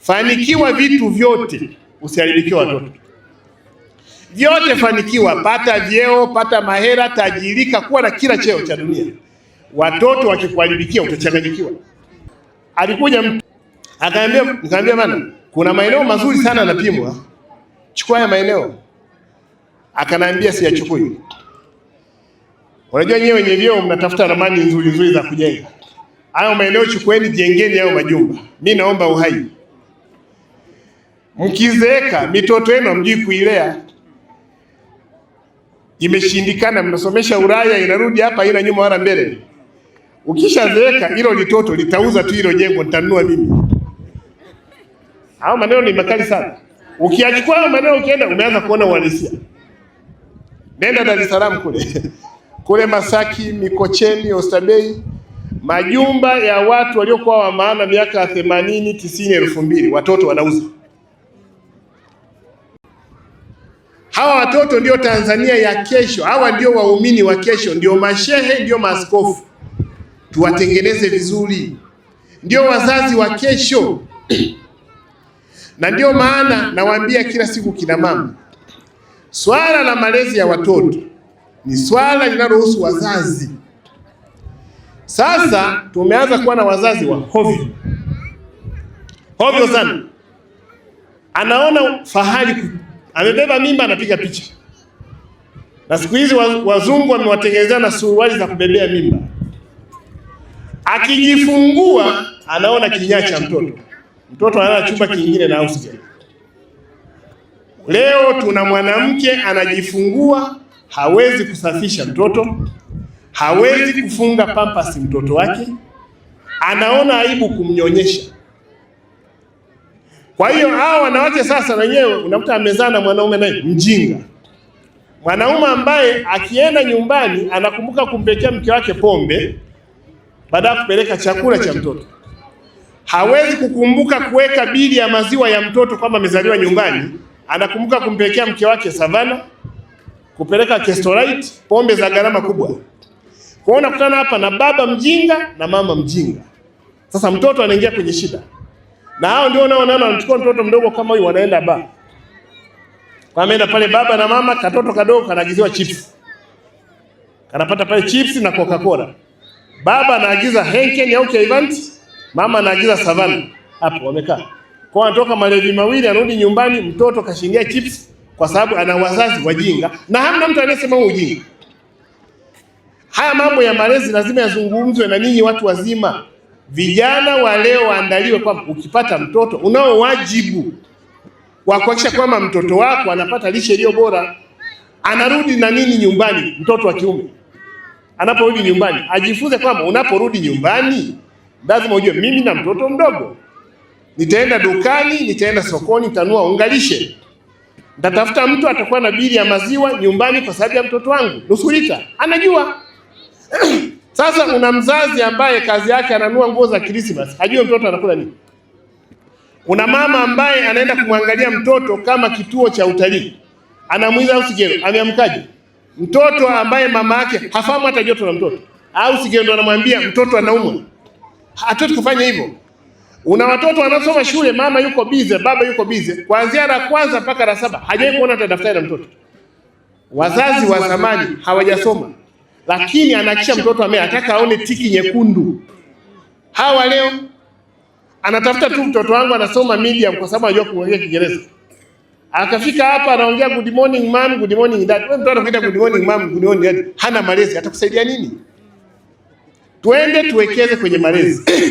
Fanikiwa vitu vyote, usiharibikiwe watoto vyote. Fanikiwa, pata vyeo, pata mahera, tajirika, kuwa na kila cheo cha dunia. Watoto wakikuharibikia utachanganyikiwa. Alikuja mtu akaambia, nikaambia mana, kuna maeneo mazuri sana yanapimwa, chukua haya maeneo. Akanaambia siyachukui. Unajua nyewe wenye vyeo mnatafuta ramani nzuri nzuri za kujenga hayo maeneo chukueni, jengeni hayo majumba. Mi naomba uhai, mkizeeka mitoto yenu hamjui kuilea, imeshindikana, mnasomesha Ulaya, inarudi hapa, ina nyuma wala mbele. Ukishazeeka hilo litoto litauza tu hilo jengo, nitanunua mimi. Hayo maneno ni makali sana. Ukiachukua hayo maneno ukienda, umeanza kuona uhalisia. Nenda Dar es Salaam kule kule Masaki, Mikocheni, Oysterbay majumba ya watu waliokuwa wa maana miaka ya themanini tisini elfu mbili watoto wanauza. Hawa watoto ndio Tanzania ya kesho, hawa ndio waumini wa kesho, ndio mashehe, ndio maaskofu. Tuwatengeneze vizuri, ndio wazazi wa kesho na ndio maana nawaambia kila siku, kina mama, swala la malezi ya watoto ni swala linalohusu wazazi. Sasa tumeanza kuwa na wazazi wa hovyo hovyo sana, anaona fahari, amebeba mimba, anapiga picha. Na siku hizi wazungu wamewatengenezea na suruali za kubebea mimba, akijifungua anaona kinyaa cha mtoto, mtoto analala chumba kingine na house. Leo tuna mwanamke anajifungua, hawezi kusafisha mtoto hawezi kufunga pampasi mtoto wake, anaona aibu kumnyonyesha. Kwa hiyo hao wanawake sasa wenyewe unakuta amezaa na mwanaume naye mjinga, mwanaume ambaye akienda nyumbani anakumbuka kumpekea mke wake pombe baada ya kupeleka chakula cha mtoto hawezi kukumbuka kuweka bili ya maziwa ya mtoto kwamba amezaliwa nyumbani. Anakumbuka kumpelekea mke wake Savana, kupeleka Kestorite, pombe za gharama kubwa. Kwa hiyo nakutana hapa na baba mjinga na mama mjinga. Sasa mtoto anaingia kwenye shida, na hao ndio nao wanaona wanachukua mtoto mdogo kama huyu, wanaenda ba kwa ameenda pale, baba na mama, katoto kadogo kanaagiziwa chips, kanapata pale chips na Coca-Cola. Baba anaagiza Henken au Kevant, mama anaagiza Savana. Hapo wamekaa kwa, anatoka malevi mawili, anarudi nyumbani, mtoto kashindia chips, kwa sababu ana wazazi wajinga na hamna mtu anayesema ujinga. Haya mambo ya malezi lazima yazungumzwe na ninyi watu wazima. Vijana wa leo waandaliwe kwamba ukipata mtoto unao wajibu wa kuhakikisha kwamba mtoto wako anapata lishe iliyo bora. Anarudi na nini nyumbani? Mtoto wa kiume anaporudi nyumbani ajifunze kwamba unaporudi nyumbani lazima ujue, mimi na mtoto mdogo, nitaenda dukani, nitaenda sokoni, nitanua ungalishe, lishe, nitatafuta mtu atakuwa na bili ya maziwa nyumbani kwa sababu ya mtoto wangu nusulita anajua Sasa una mzazi ambaye kazi yake ananua nguo za Krismasi, hajue mtoto anakula nini. Kuna mama ambaye anaenda kumwangalia mtoto kama kituo cha utalii, anamuuliza au sigero ameamkaje, mtoto ambaye mama yake hafahamu hata joto la mtoto, au sigero ndo anamwambia mtoto anaumwa. Hatuwezi kufanya hivyo. Una watoto wanasoma shule, mama yuko bize, baba yuko bize, kuanzia la kwanza mpaka la saba hajawahi kuona hata daftari la mtoto. Wazazi wa zamani hawajasoma lakini anakisha mtoto ame anataka aone tiki nyekundu. Hawa leo anatafuta tu, mtoto wangu anasoma medium kwa sababu anajua kuongea Kiingereza, akafika hapa anaongea good morning mom, good morning dad. Wewe mtoto anakuita good morning mom, good morning dad, hana malezi, atakusaidia nini? Tuende tuwekeze kwenye malezi.